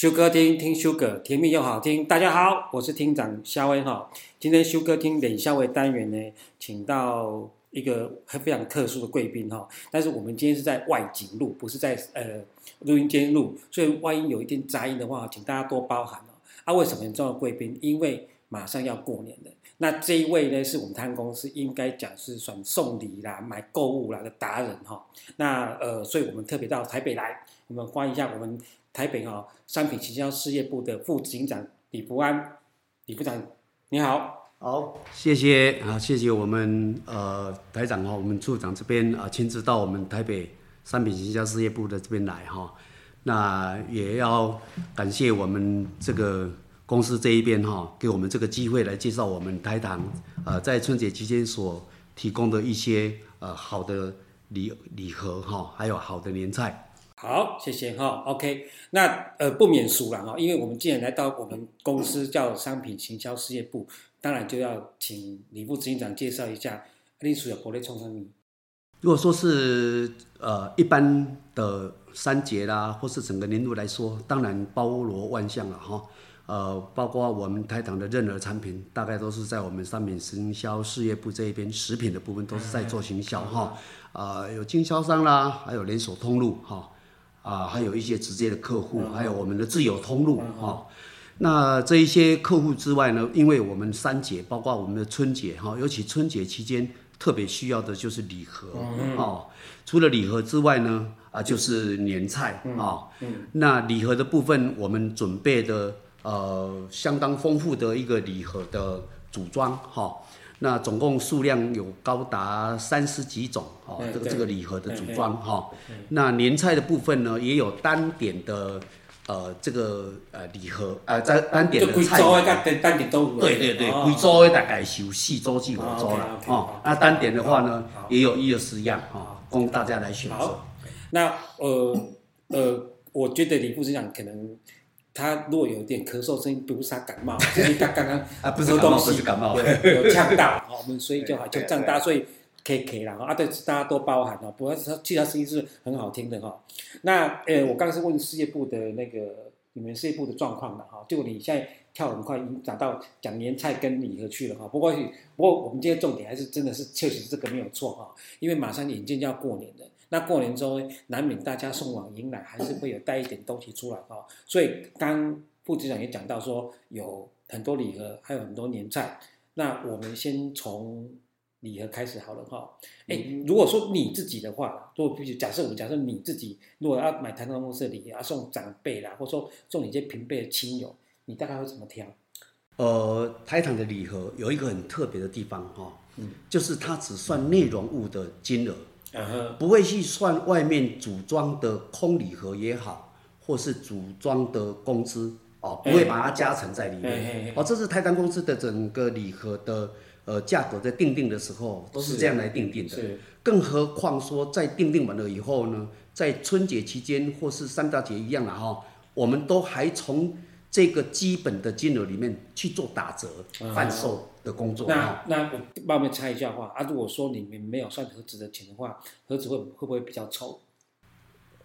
修歌廳，聽修歌甜蜜又好聽。大家好，我是廳長蕭仔，哈。今天修歌廳練蕭話單元呢，請到一個很非常特殊的貴賓哈。但是我們今天是在外景錄，不是在呃錄音間錄，所以萬一有一點雜音的話，請大家多包涵哦。啊，為什麼很重要的貴賓？因為馬上要過年了。那這一位呢，是我們他公司應該講是算送禮啦、買購物啦的達人哈、喔。那呃，所以我們特別到台北來，我們歡迎一下我們台北啊、喔、商品行銷事業部的副執行長李福安。李部長，你好。好，謝謝啊，謝謝我們呃廳長哈，我們處長這邊啊親自到我們台北商品行銷事業部的這邊來哈、喔。那也要感謝我們這個。公司這一邊哈、哦，給我們這個機會來介紹我們台糖呃，在春節期間所提供的一些呃好的禮禮盒哈、哦，還有好的年菜。好，謝謝哈、哦。OK，那呃不免俗了哈，因為我們既然來到我們公司叫商品行銷事業部，當然就要請李副執行長介紹一下您所要國內創新。如果說是呃一般的三節啦，或是整個年度來說，當然包羅萬象了哈。哦呃，包括我們台糖的任何產品，大概都是在我們商品行銷事業部這一邊，食品的部分都是在做行銷哈。啊、哦呃，有經銷商啦，還有連鎖通路哈，啊、哦呃，還有一些直接的客戶，還有我們的自有通路哈、哦。那這一些客戶之外呢，因為我們三節，包括我們的春節哈，尤其春節期間特別需要的就是禮盒啊、哦。除了禮盒之外呢，啊、呃，就是年菜啊、哦。那禮盒的部分，我們準備的。呃，相當豐富的一個禮盒的組裝哈、哦，那總共數量有高達三十幾種哈、哦，這個這個禮盒的組裝哈、嗯哦。那年菜的部分呢，也有單點的呃，這個呃禮盒呃，在單點的菜就的單單都，對對對，歸、哦、桌的大概有四桌至五桌了哦。那單點的話呢，嗯、也有一二十樣哦，供大家來選擇。那呃呃，我覺得李副執行長可能。他如果有點咳嗽聲音，不是他感冒，就是他剛剛，剛啊，不是說感冒，不是感冒，有嗆到，好、哦，我們所以就好就這樣大家所以可以可咳了啊。對，大家多包涵哈，不過他其他聲音是很好聽的哈。那呃，我剛，剛是問事業部的那個你們事業部的狀況了哈。就你現在跳很快，已經講到講年菜跟禮盒去了哈。不過，不過我們今天重點還是真的是確實這個沒有錯哈，因為馬上眼見就要過年的。那過年中難免大家送往迎來，還是會有帶一點東西出來哈、哦。所以剛副執行長也講到說，有很多禮盒，還有很多年菜。那我們先從禮盒開始好了哈、哦。哎、欸，如果說你自己的話，如，比如假設我假設你自己如果要買台糖公司的禮盒，要送長輩啦，或說送你一些平輩的親友，你大概會怎麼挑？呃，台糖的禮盒有一個很特別的地方哈、哦，嗯，就是它只算內容物的金額。Uh -huh. 不會去算外面組裝的空禮盒也好，或是組裝的工資、哦、不會把它加成在裡面。哦、uh -huh.，這是台糖公司的整個禮盒的呃價格在訂定的時候、uh -huh. 都是這樣來訂定的。Uh -huh. 更何況說在訂定完了以後呢，在春節期間或是三大節一樣的哈、哦，我們都還從，這個基本的金額裡面去做打折販、uh -huh. 售的工作。那、嗯、那我慢慢猜一下話啊，如果說你們沒有算盒子的錢的話，盒子會會不會比較醜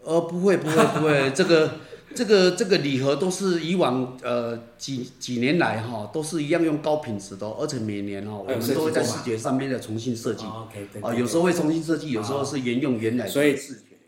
呃，不會不會不會，不會 這個這個這個禮盒都是以往呃幾幾年來哈，都是一樣用高品質的，而且每年哦，我們都會在視覺上面再重新設計。啊、哦 okay, 呃，有時候會重新設計，有時候是沿用原來的、哦。所以。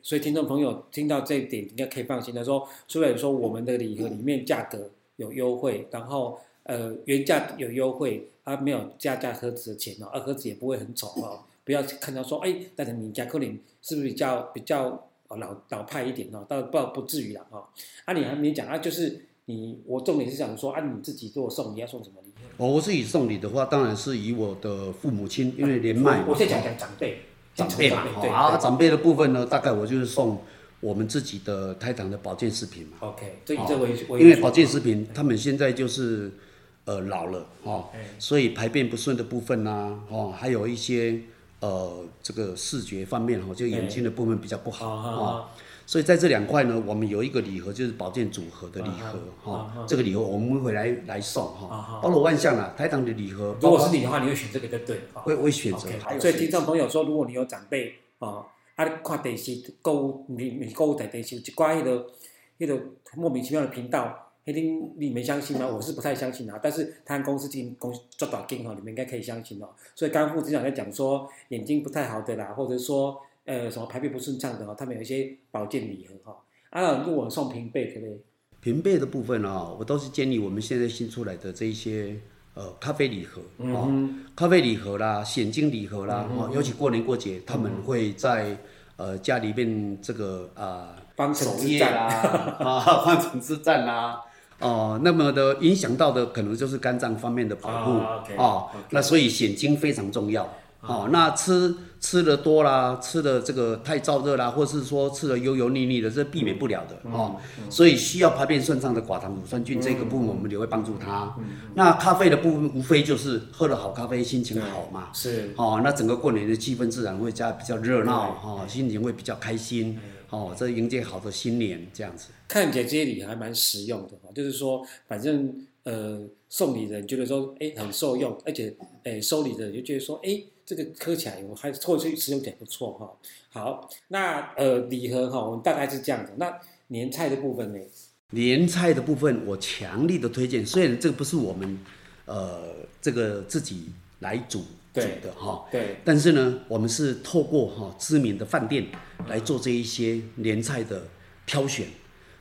所以聽眾朋友聽到這一點，應該可以放心的說，雖然說我們的禮盒裡面價格有優惠，然後呃原價有優惠，它，啊、沒有加價，價盒子的錢哦，二、啊、盒子也不會很醜哦，不要看到說哎，但是你加克林是不是比較比較老老派一點哦？倒不不至於了哦，啊你還沒講啊，就是你我重點是想說，按、啊、你自己做送，你要送什麼禮？哦，我自己送禮的話，當然是以我的父母親，因為年邁、啊、我先講講長輩。長輩嘛，啊，長輩的部分呢,部分呢，大概我就是送我們自己的台糖的保健食品嘛。OK，就以這為主因為保健食品，他們現在就是呃老了哈、喔欸，所以排便不順的部分呢、啊，哦、喔，還有一些呃這個視覺方面哈、喔，就眼睛的部分比較不好啊。欸喔喔所以在這兩塊呢，我們有一個禮盒，就是保健組合的禮盒，啊哈，哦啊、哈，這個禮盒我們會來來送，哦啊、哈，包羅萬象了、啊。台糖的禮盒，如果是你的話，你會選這個，對不對？哦、會我會選擇。Okay, 選所以聽眾朋友說，如果你有長輩，哦，他、啊、看電視購物，你你購物台電視，就關於的，那種、個那個、莫名其妙的頻道，一定你，你們相信嗎？我是不太相信啊。但是他們公司進行公做廣告，哈，你們應該可以相信哦、啊。所以剛才副廳長在講說，眼睛不太好的啦，或者說。呃，什麼排便不順暢的，他們有一些保健禮盒哈。如果送平輩可，不可以平輩的部分、哦、我都是建議我們現在新出來的這一些呃咖啡禮盒、嗯哦、咖啡禮盒啦，蜆精禮盒啦、嗯。尤其過年過節、嗯，他們會在呃家裡面這個啊、呃，方城之戰啦，啊， 方城之戰啦。哦，那麼的影響到的可能就是肝臟方面的保護啊、哦 okay, okay, 哦。那所以蜆精非常重要、嗯。哦，那吃。吃的多啦，吃的這個太燥熱啦，或者是說吃的油油膩膩的，這是避免不了的、嗯哦、所以需要排便順暢的寡糖乳酸菌、嗯、這個部分，我們也會幫助他。嗯、那咖啡的部分，無非就是喝了好咖啡，心情好嘛。是哦，那整個過年的氣氛自然會加比較熱鬧、哦、心情會比較開心哦，這迎接好的新年這樣子。看起來這些禮還蠻實用的，就是說，反正呃，送禮人覺得說，哎、欸，很受用，而且收、呃、禮的人就覺得說，哎、欸。這個磕起來有還是錯一其使有點不錯哈、哦。好，那呃禮盒哈、哦，我們大概是這樣子。那年菜的部分呢？年菜的部分，我強力的推薦。雖然這個不是我們呃這個自己來煮煮的哈、哦，對。但是呢，我們是透過哈、哦、知名的飯店來做這一些年菜的挑選，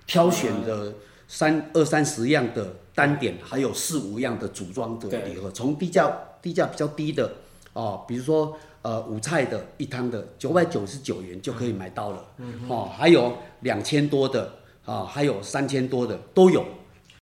挑選的三二三十樣的單點，還有四五樣的組裝的禮盒，從低價低價比較低的。哦，比如說呃五菜的一湯的九百九十九元就可以買到了，嗯、哦，還有兩千多的，啊、哦，還有三千多的都有。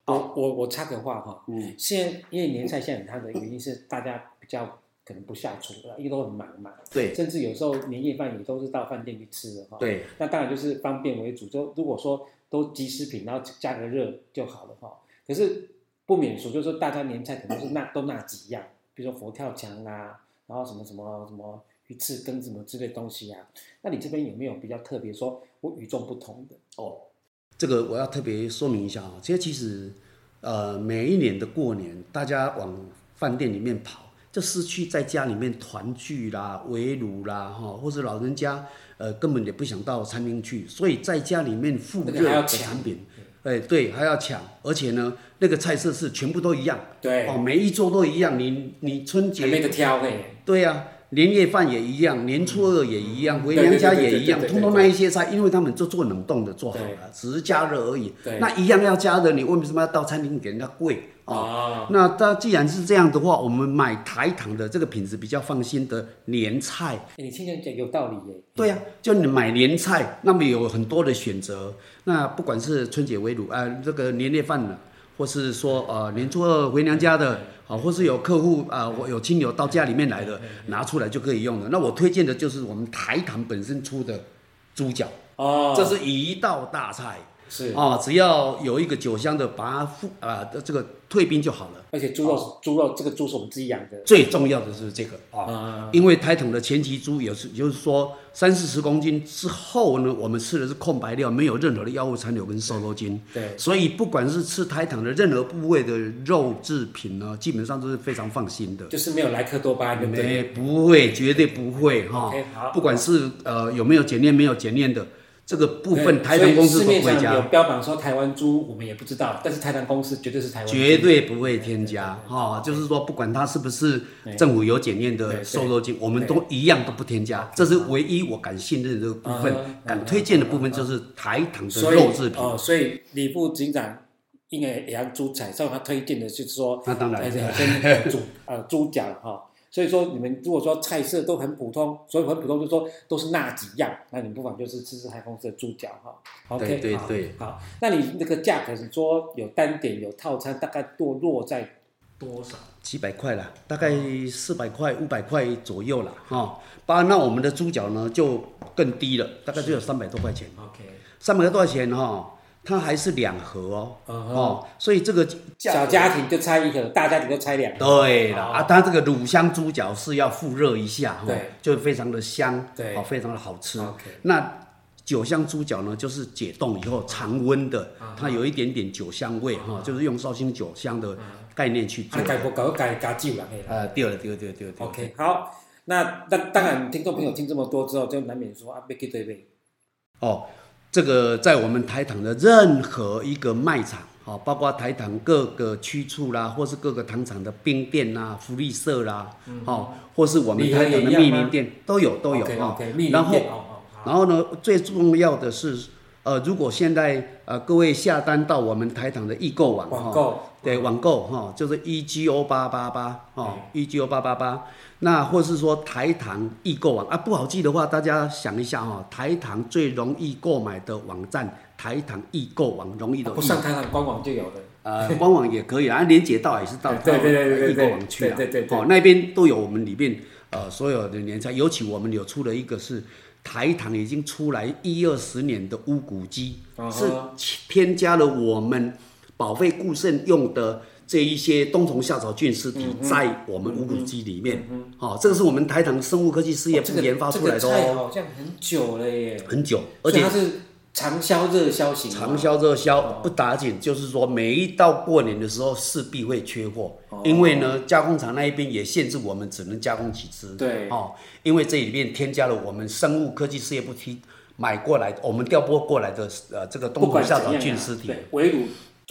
我我我插個話哈、哦，嗯，現因為年菜現在很夯的原因是大家比較可能不下廚了，因為都很忙嘛，對，甚至有時候年夜飯也都是到飯店去吃的哈、哦，對，那當然就是方便為主，就如果說都即食品，然後加個熱就好了哈、哦。可是不免俗，就是大家年菜可能是那都那幾樣、嗯，比如說佛跳牆啊。然後什麼什麼什麼魚翅跟什麼之類東西呀、啊？那你這邊有沒有比較特別說我與眾不同的哦？Oh, 這個我要特別說明一下哦，其實其實，呃，每一年的過年，大家往飯店裡面跑，就失去在家裡面團聚啦、圍爐啦，哈，或者老人家呃根本也不想到餐廳去，所以在家裡面復熱的產品。這個哎，對，還要搶，而且呢，那個菜色是全部都一樣，對，哦，每一桌都一樣，你你春節還沒得挑嘞，對呀、啊。年夜飯也一樣，年初二也一樣，回娘家也一樣，對對對對對對對對通通那一些菜，因為他們就做冷凍的，做好了，對對對對只是加熱而已。那一樣要加熱，你為什麼要到餐廳給人家貴啊、哦哦？那他既然是這樣的話，我們買台糖的這個品質比較放心的年菜。你現在講有道理耶。對呀、啊，就你買年菜，那麼有很多的選擇。那不管是春節圍爐，哎、呃，這個年夜飯呢，或是說呃年初二回娘家的，啊、呃，或是有客戶啊，我、呃、有親友到家裡面來的，拿出來就可以用了。那我推薦的就是我們台糖本身出的豬腳，哦，這是一道大菜，是啊、呃，只要有一個酒香的，把它附啊的、呃、這個。退冰就好了，而且豬肉是、哦、豬肉這個豬是我們自己養的，最重要的是這個啊、哦，因為台糖的前期豬也是，也就是說三四十公斤之後呢，我們吃的是空白料，沒有任何的藥物殘留跟瘦肉精。對，對，所以不管是吃台糖的任何部位的肉製品呢，基本上都是非常放心的，就是沒有萊克多巴胺，對不對？不會，絕對不會哈。哦、okay, 好，不管是呃有沒有檢驗，沒有檢驗的。這個部分，台糖公司不會加。有標榜說台灣豬，我們也不知道。但是，台糖公司絕對是台灣豬。絕對不會添加，哈、哦，就是說，不管它是不是政府有檢驗的瘦肉精，對對對對，我們都一樣都不添加，對對對。這是唯一我敢信任的部分，對對對，敢推薦的部分就是台糖的肉製品。哦，所以李副執行長因為養豬採照他推薦的就是說，那當然，而且豬呃豬腳哈。所以說，你們如果說菜色都很普通，所以很普通，就是說都是那幾樣，那你不妨就是吃試海虹式的豬腳哈。Okay, 對對對，好，那你那個價格，是說有單點有套餐，大概多落在多少？幾百塊啦，大概四百塊、哦、五百塊左右啦哈。八、哦，那我們的豬腳呢就更低了，大概就有三百多，多塊錢。OK，三百多塊錢哈、哦。它還是兩盒哦，uh -huh. 哦，所以這個家小家庭就拆一盒，大家庭就拆兩盒。對它、哦、啊，它這個滷香豬腳是要復熱一下哈、哦，就非常的香，對，哦、非常的好吃。Okay. 那酒香豬腳呢，就是解凍以後常溫的，uh -huh. 它有一點點酒香味哈，uh -huh. 就是用紹興酒香的概念去做。對、uh、了 -huh. 啊、對了，呃，對了，對了，對了 OK 好，那那當然聽眾朋友聽這麼多之後，就難免說啊，背對背哦。這個在我們台糖的任何一個賣場，包括台糖各個區處啦，或是各個糖廠的冰店啦、啊、福利社啦，嗯、或是我們台糖的蜜鄰店、嗯、都有都有啊、okay, okay,。然後、哦，然後呢，最重要的是，呃，如果現在呃各位下單到我們台糖的易購網哈。呃對，網購哈、哦，就是 e g o 八八八哦，e g o 八八八。嗯、EGO888, 那或是說台糖易購網啊，不好記的話，大家想一下哈、哦，台糖最容易購買的網站，台糖易購網容易的、啊。不上台糖官網就有的、嗯。呃，官網也可以啊，鏈接到也是到到、啊、易購網去啊。對對對對對，對。哦，那邊都有我們裡面呃所有的年菜，尤其我們有出了一個是台糖已經出來一二十年的烏骨雞，是添加了我們。保肺固腎用的這一些冬蟲夏草菌絲體，在我們無骨雞裡面、嗯嗯嗯，哦，這個是我們台糖生物科技事業部研發出來的哦。哦，這個這個菜，好像很久了耶。很久，而且它是長銷熱銷型。長銷熱銷不打緊，哦，就是說每一到過年的時候勢必會缺貨，哦，因為呢加工廠那一邊也限制我們只能加工幾只。對，哦，因為這裡面添加了我們生物科技事業部提買過來，我們調撥過來的呃這個冬蟲夏草菌絲體為主。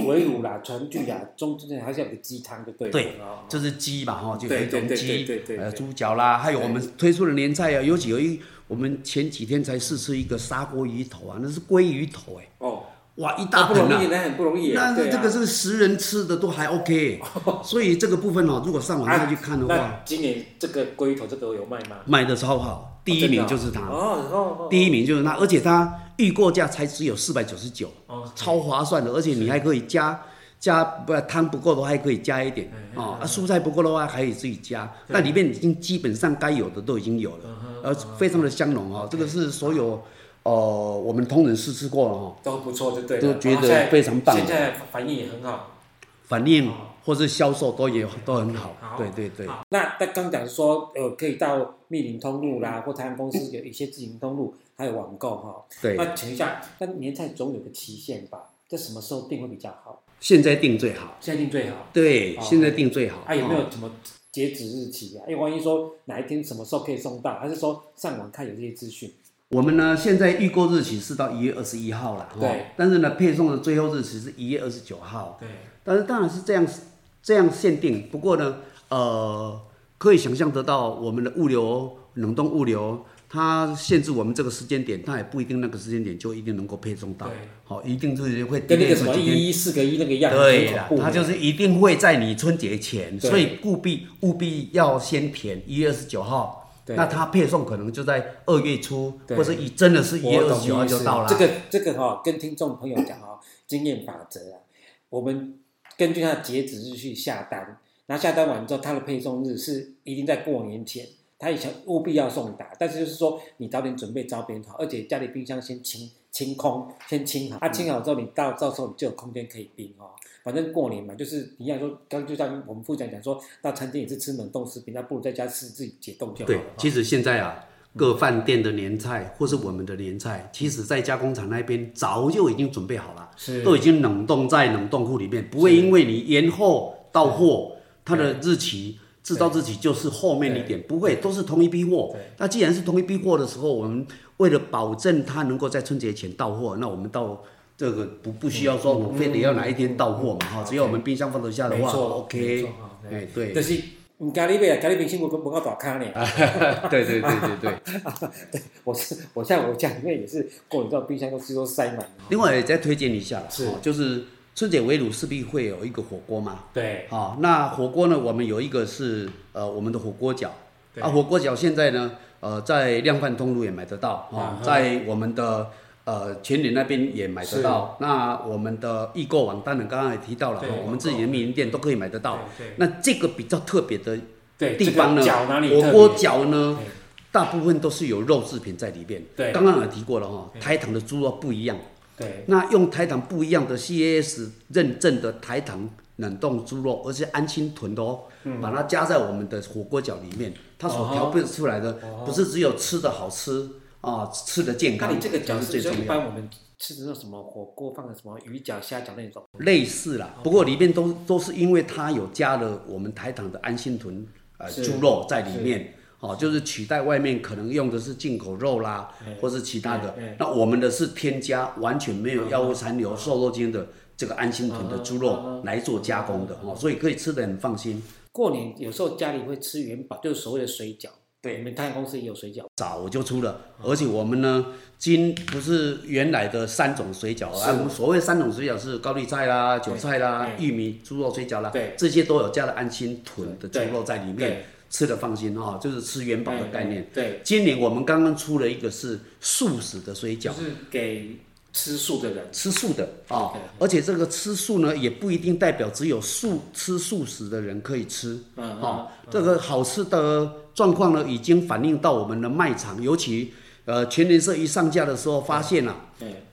水乳啦，全燉呀，中中間還是要個雞湯，的對？對，這是雞吧，吼，就有一種雞，呃，豬腳啦，還有我們推出的年菜啊，尤其由於我們前幾天才試吃一個砂鍋魚頭啊，那是鮭魚頭，欸，誒。哦，哇，一大盆吶，啊，那，哦，很不容易啊，啊那這這個是十人吃的都還 OK，欸哦，呵呵呵所以這個部分哈，啊，如果上網再去看的話，今年這個鮭魚頭這個有賣嗎？賣的超好。第一名就是他，oh, oh, oh, oh, oh. 第一名就是它，而且他預購價才只有四百九十九，超划算的。而且你還可以加是加不，湯不夠的話還可以加一點 hey, hey, hey, hey, 啊，蔬菜不夠的話還可以自己加。那裡面已經基本上該有的都已經有了，uh -huh, uh -huh, 而非常的香濃、uh -huh. 哦。這個是所有哦、okay. 呃，我們同仁試吃過哦，都不錯，對，都覺得非常棒、啊現，現在反應也很好，反應。或是銷售都也、okay. 都很好，好，對對對。那但剛才說，呃，可以到密林通路啦，或台灣公司有一些自行通路，嗯、還有網購哈、哦。對。那請一下，那年菜總有個期限吧？在什麼時候定會比較好？現在定最好。現在定最好。對，哦、現在定最好、哦。啊，有沒有什麼截止日期啊？因為萬一說哪一天什麼時候可以送到，還是說上網看有些資訊？我們呢，現在預購日期是到一月二十一號啦，對。但是呢，配送的最後日期是一月二十九號，對。但是當然是這樣。這樣限定，不過呢，呃，可以想象得到，我們的物流，冷凍物流，它限制我們這個時間點，它也不一定那個時間點就一定能夠配送到。好、哦，一定是會。跟那個什麼一四個一那個樣。對，它就是一定會在你春節前，所以務必務必要先填一月二十九號。那它配送可能就在二月初，或者一真的是一月二十九號就到了。這個這個哈、哦，跟聽眾朋友講哈、哦嗯，經驗法則啊，我們。根據他的截止日去下單，然後下單完之後，他的配送日是一定在過年前，他以前務必要送達。但是就是說，你早點準備，招比好，而且家裡冰箱先清清空，先清好。他、嗯啊、清好之後，你到到時候你就有空間可以冰哦。反正過年嘛，就是你要說，剛剛就像我們副長講講說，到餐廳也是吃冷凍食品，那不如在家吃自己解凍就好了。對，其實現在啊。各飯店的年菜，或是我們的年菜，其實在加工廠那邊早就已經準備好了，是都已經冷凍在冷凍庫裡面，不會因為你延後到貨，它的日期、制造日期就是後面一點，不會都是同一批貨。那既然是同一批貨的時候，我們為了保證它能夠在春節前到貨，那我們到這個不不需要說我們非得要哪一天到貨嘛哈、嗯嗯嗯嗯嗯嗯，只要我們冰箱放得下的話，沒錯，OK 哎，對，這是。嗯，咖喱味啊，咖喱賓辛我都不夠早餐呢。對對對對對,對， 對，我是我在我家裡面也是，過年到冰箱東西都塞滿。另外再推薦一下是、哦，就是春節圍爐勢必會有一個火鍋嘛。對。好、哦，那火鍋呢，我們有一個是呃我們的火鍋餃，啊火鍋餃現在呢呃在量販通路也買得到，啊、哦 uh -huh. 在我們的。呃，全聯那邊也買得到。那我們的易購網當然剛剛也提到了，我們自己的蜜鄰店都可以買得到。那這個比較特別的地方呢，這個、火鍋餃呢，大部分都是有肉製品在裡面。剛剛也提過了哈，台糖的豬肉不一樣。那用台糖不一樣的 C A S 認證的台糖冷凍豬肉，而且安心豚的哦，把它加在我們的火鍋餃裡面，嗯、它所調配出來的，不是只有吃的好吃。嗯啊、哦，吃的健康。那、啊、你這個講是最重要的。一般我們吃那什麼火鍋，放的什麼魚餃、蝦餃那種。類似啦，不過裡面都都是因為它有加了我們台糖的安心豚呃豬肉在裡面，哦，就是取代外面可能用的是進口肉啦，或是其他的。那我們的是添加，完全沒有藥物殘留、瘦肉精的這個安心豚的豬肉來做加工的哦，所以可以吃的很放心。過年有時候家裡會吃元寶，就是所謂的水餃。對，台糖公司也有水餃，早就出了。而且我們呢，今不是原來的三種水餃啊，我們所謂三種水餃是高麗菜啦、韭菜啦、玉米豬肉水餃啦，對，這些都有加了安心豚的豬肉在裡面，吃的放心哈，就是吃元寶的概念對對。對，今年我們剛剛出了一個是素食的水餃，就是給。吃素的人，吃素的啊、哦，而且這個吃素呢，也不一定代表只有素吃素食的人可以吃啊、嗯哦嗯。這個好吃的狀況呢，已經反映到我們的賣場，尤其呃全聯社一上架的時候，發現了、啊、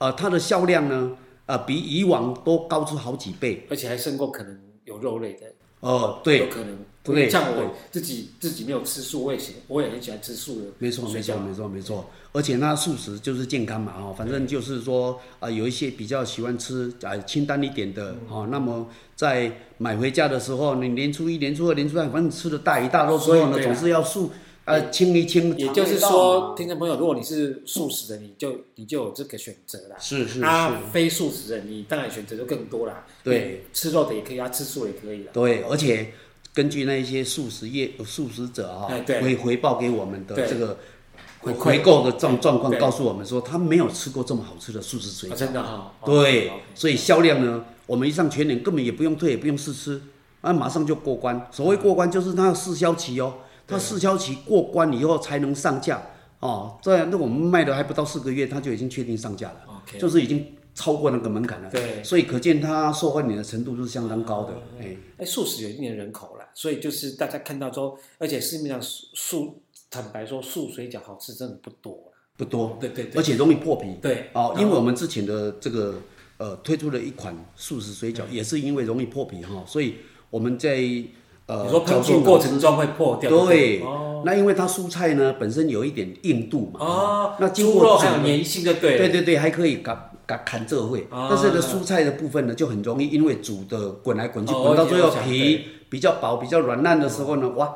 呃，它的銷量呢，呃，比以往都高出好幾倍，而且還勝過可能有肉類的。哦、呃，對，有可能。對，像我自己自己，自己沒有吃素，我也喜我也很喜歡吃素的。沒錯，沒錯，沒錯，沒錯。而且那素食就是健康嘛，哈，反正就是說啊、呃，有一些比較喜歡吃啊、呃、清淡一點的，哈、嗯哦。那麼在買回家的時候，你年初一、年初二、年初三，反正吃的大魚大肉，所以呢、啊，總是要素，呃、清一清。也就是說，聽眾朋友，如果你是素食的，你就你就有這個選擇啦。是是是。那、啊、非素食的，你當然選擇就更多啦。對，對吃肉的也可以、啊，吃素也可以啦。對，而且。根據那一些素食業、素食者啊、喔，回回報給我們的這個回購的狀狀況，告訴我們說，他沒有吃過這麼好吃的素食水果，啊、真的哈、哦，對，所以銷量呢，我們一上全聯根本也不用退，也不用試吃，啊，馬上就過關。所謂過關就是他要試銷期哦、喔，他試銷期過關以後才能上架哦，這樣，那我們賣了還不到四個月，他就已經確定上架了、okay、了，就是已經超過那個門檻了，對了，所以可見他受歡迎的程度是相當高的，哎、欸欸，素食有一定的人口了。所以就是大家看到說，而且市面上素，坦白說素水餃好吃真的不多、啊、不多，對對，而且容易破皮。對，對對哦、嗯，因為我們之前的這個呃推出了一款素食水餃，也是因為容易破皮哈、哦，所以我們在呃，比如說煮的過程中會破掉。對、哦，那因為它蔬菜呢本身有一點硬度嘛，哦，哦那經過煮，還有粘性的對，對，對對對，還可以嘎嘎彈這會、哦，但是呢蔬菜的部分呢就很容易因為煮的滾來滾去，哦、滾到最後皮。比較薄、比較軟爛的時候呢，哇，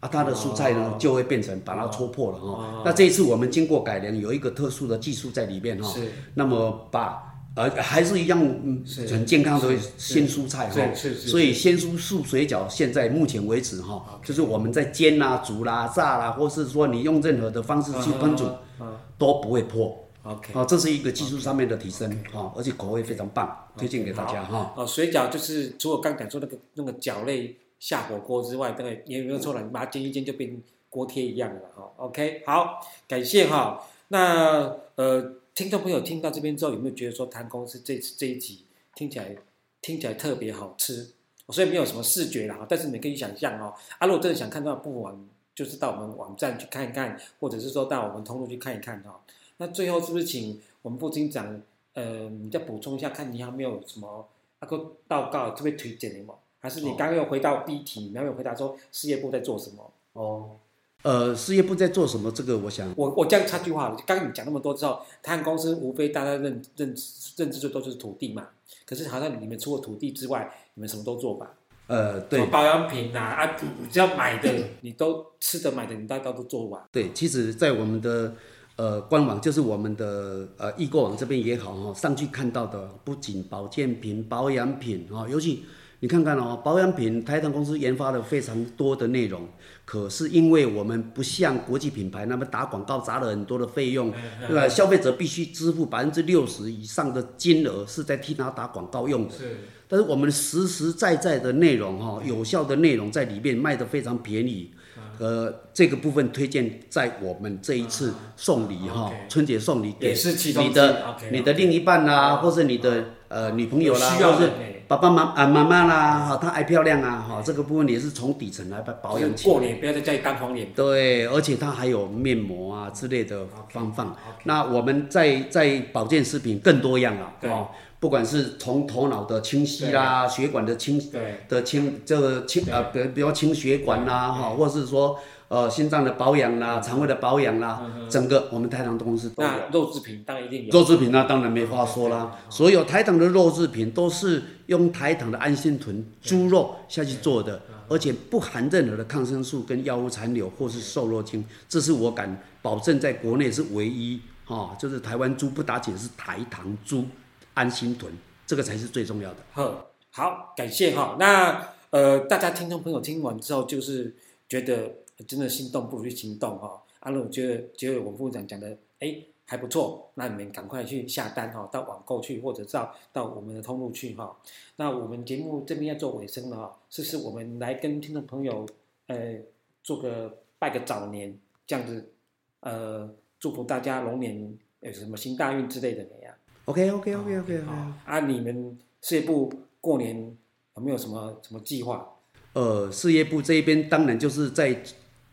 啊，它的蔬菜呢、啊、就會變成把它戳破了哈、啊啊啊。那這一次我們經過改良，有一個特殊的技術在裡面。哈、喔。那麼把呃還是一樣、嗯是嗯、很健康的鮮蔬菜哈、喔。所以鮮蔬素水餃現在目前為止哈、喔，就是我們在煎、啊、煮啦、啊啊、炸啦、啊，或是說你用任何的方式去烹煮、啊啊，都不會破。啊、o、okay, 喔、這是一個技術上面的提升哈、okay, 啊，而且口味非常棒，推薦給大家哈。水餃就是除了剛講做那個那個餃類。下火鍋之外，對，也沒有錯了，你把它煎一煎就變鍋貼一樣了。哈、哦。OK，好，感謝哈、哦。那呃，聽眾朋友聽到這邊之後，有沒有覺得說談公事這這一集聽起來聽起來特別好吃？我雖然沒有什麼視覺了哈，但是你可以想象哦。阿、啊、果真的想看到，不妨就是到我們網站去看一看，或者是說到我們通路去看一看哈、哦。那最後是不是請我們副廳長呃，你再補充一下，看你還沒有什麼那個、啊、報告特別推薦的嗎？還是你剛剛又回到 B 題，哦，你剛剛又回答說事業部在做什麼？哦，呃，事業部在做什麼？這個我想，我我這樣插句話，剛剛你講那麼多之後，他們公司無非大家認認認知，認知就都就是土地嘛。可是好像你們除了土地之外，你們什麼都做吧？呃，對，保養品啊，啊，只要買的， 你都吃的買的，你大家都做完。對，其實，在我們的呃官網，就是我們的呃易購網這邊也好，哦，上去看到的不僅保健品、保養品，哦，尤其。你看看哦，保養品，台糖公司研發了非常多的內容，可是因為我們不像國際品牌那麼打廣告，砸了很多的費用、嗯嗯，對吧？消費者必須支付百分之六十以上的金額是在替他打廣告用的。但是我們實實在在，在的內容哈，有效的內容在裡面賣的非常便宜，呃、嗯，和這個部分推薦在我們這一次送禮哈、啊哦，春節送禮給你的你的, okay, okay, 你的另一半啦、啊，okay, okay, 或是你的 okay, okay, 呃女朋友啦，或、嗯、者。呃爸爸媽媽啦，哈，她愛漂亮啊，哈，這個部分也是從底層來保養。過年不要再再乾黃臉。對，而且它還有面膜啊之類的方法、okay。Okay. 那我們在在保健食品更多樣了，哦，不管是從頭腦的清晰啦，血管的清，對的清，這個清、啊，比比如清血管啦，哈，或是說。呃，心臟的保養啦，腸、嗯、胃的保養啦、嗯嗯，整個我們台糖公司都有。那肉製品當然一定有。肉製品呢、啊，當然沒話說啦、嗯嗯嗯。所有台糖的肉製品都是用台糖的安心豚豬肉下去做的、嗯嗯，而且不含任何的抗生素跟藥物殘留或是瘦肉精，嗯、這是我敢保證，在國內是唯一啊、哦，就是台灣豬不打緊，是台糖豬安心豚，這個才是最重要的。呵，好，感謝哈、嗯。那呃，大家聽眾朋友聽完之後就是。覺得真的心動不如去行動哈、哦，阿、啊、樂覺得覺得我們部長講的哎還不錯，那你們趕快去下單哈、哦，到網購去或者到到我們的通路去哈、哦。那我們節目這邊要做尾聲了哈、哦，是不是我們來跟聽眾朋友呃做個拜個早年這樣子，呃祝福大家龍年有什麼行大運之類的呀，OK OK OK OK o、okay, okay. 哦、啊你們事業部過年有沒有什麼什麼計劃？呃，事業部這一邊當然就是在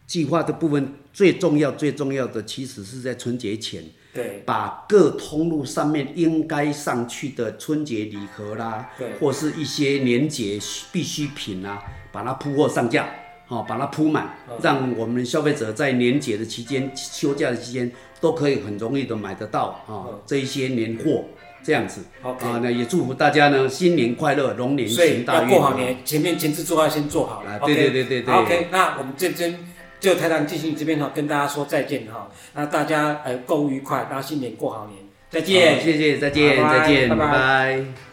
計劃的部分，最重要、最重要的其實是在春節前，對，把各通路上面應該上去的春節禮盒啦，對，或是一些年節必需品啦，把它鋪貨上架，好，把它鋪滿，讓我們消費者在年節的期間、休假的期間，都可以很容易的買得到啊，這一些年貨。這樣子，啊、嗯 okay 哦，那也祝福大家呢，新年快樂，龍年行大運啊！過好年，哦、前面前置做要先做好。啊、okay，對對對對對。OK，那我們這邊就台上進行這邊哈，跟大家說再見哈、哦。那大家呃購物愉快，大家新年過好年，再見，謝謝，再見，再見，拜拜。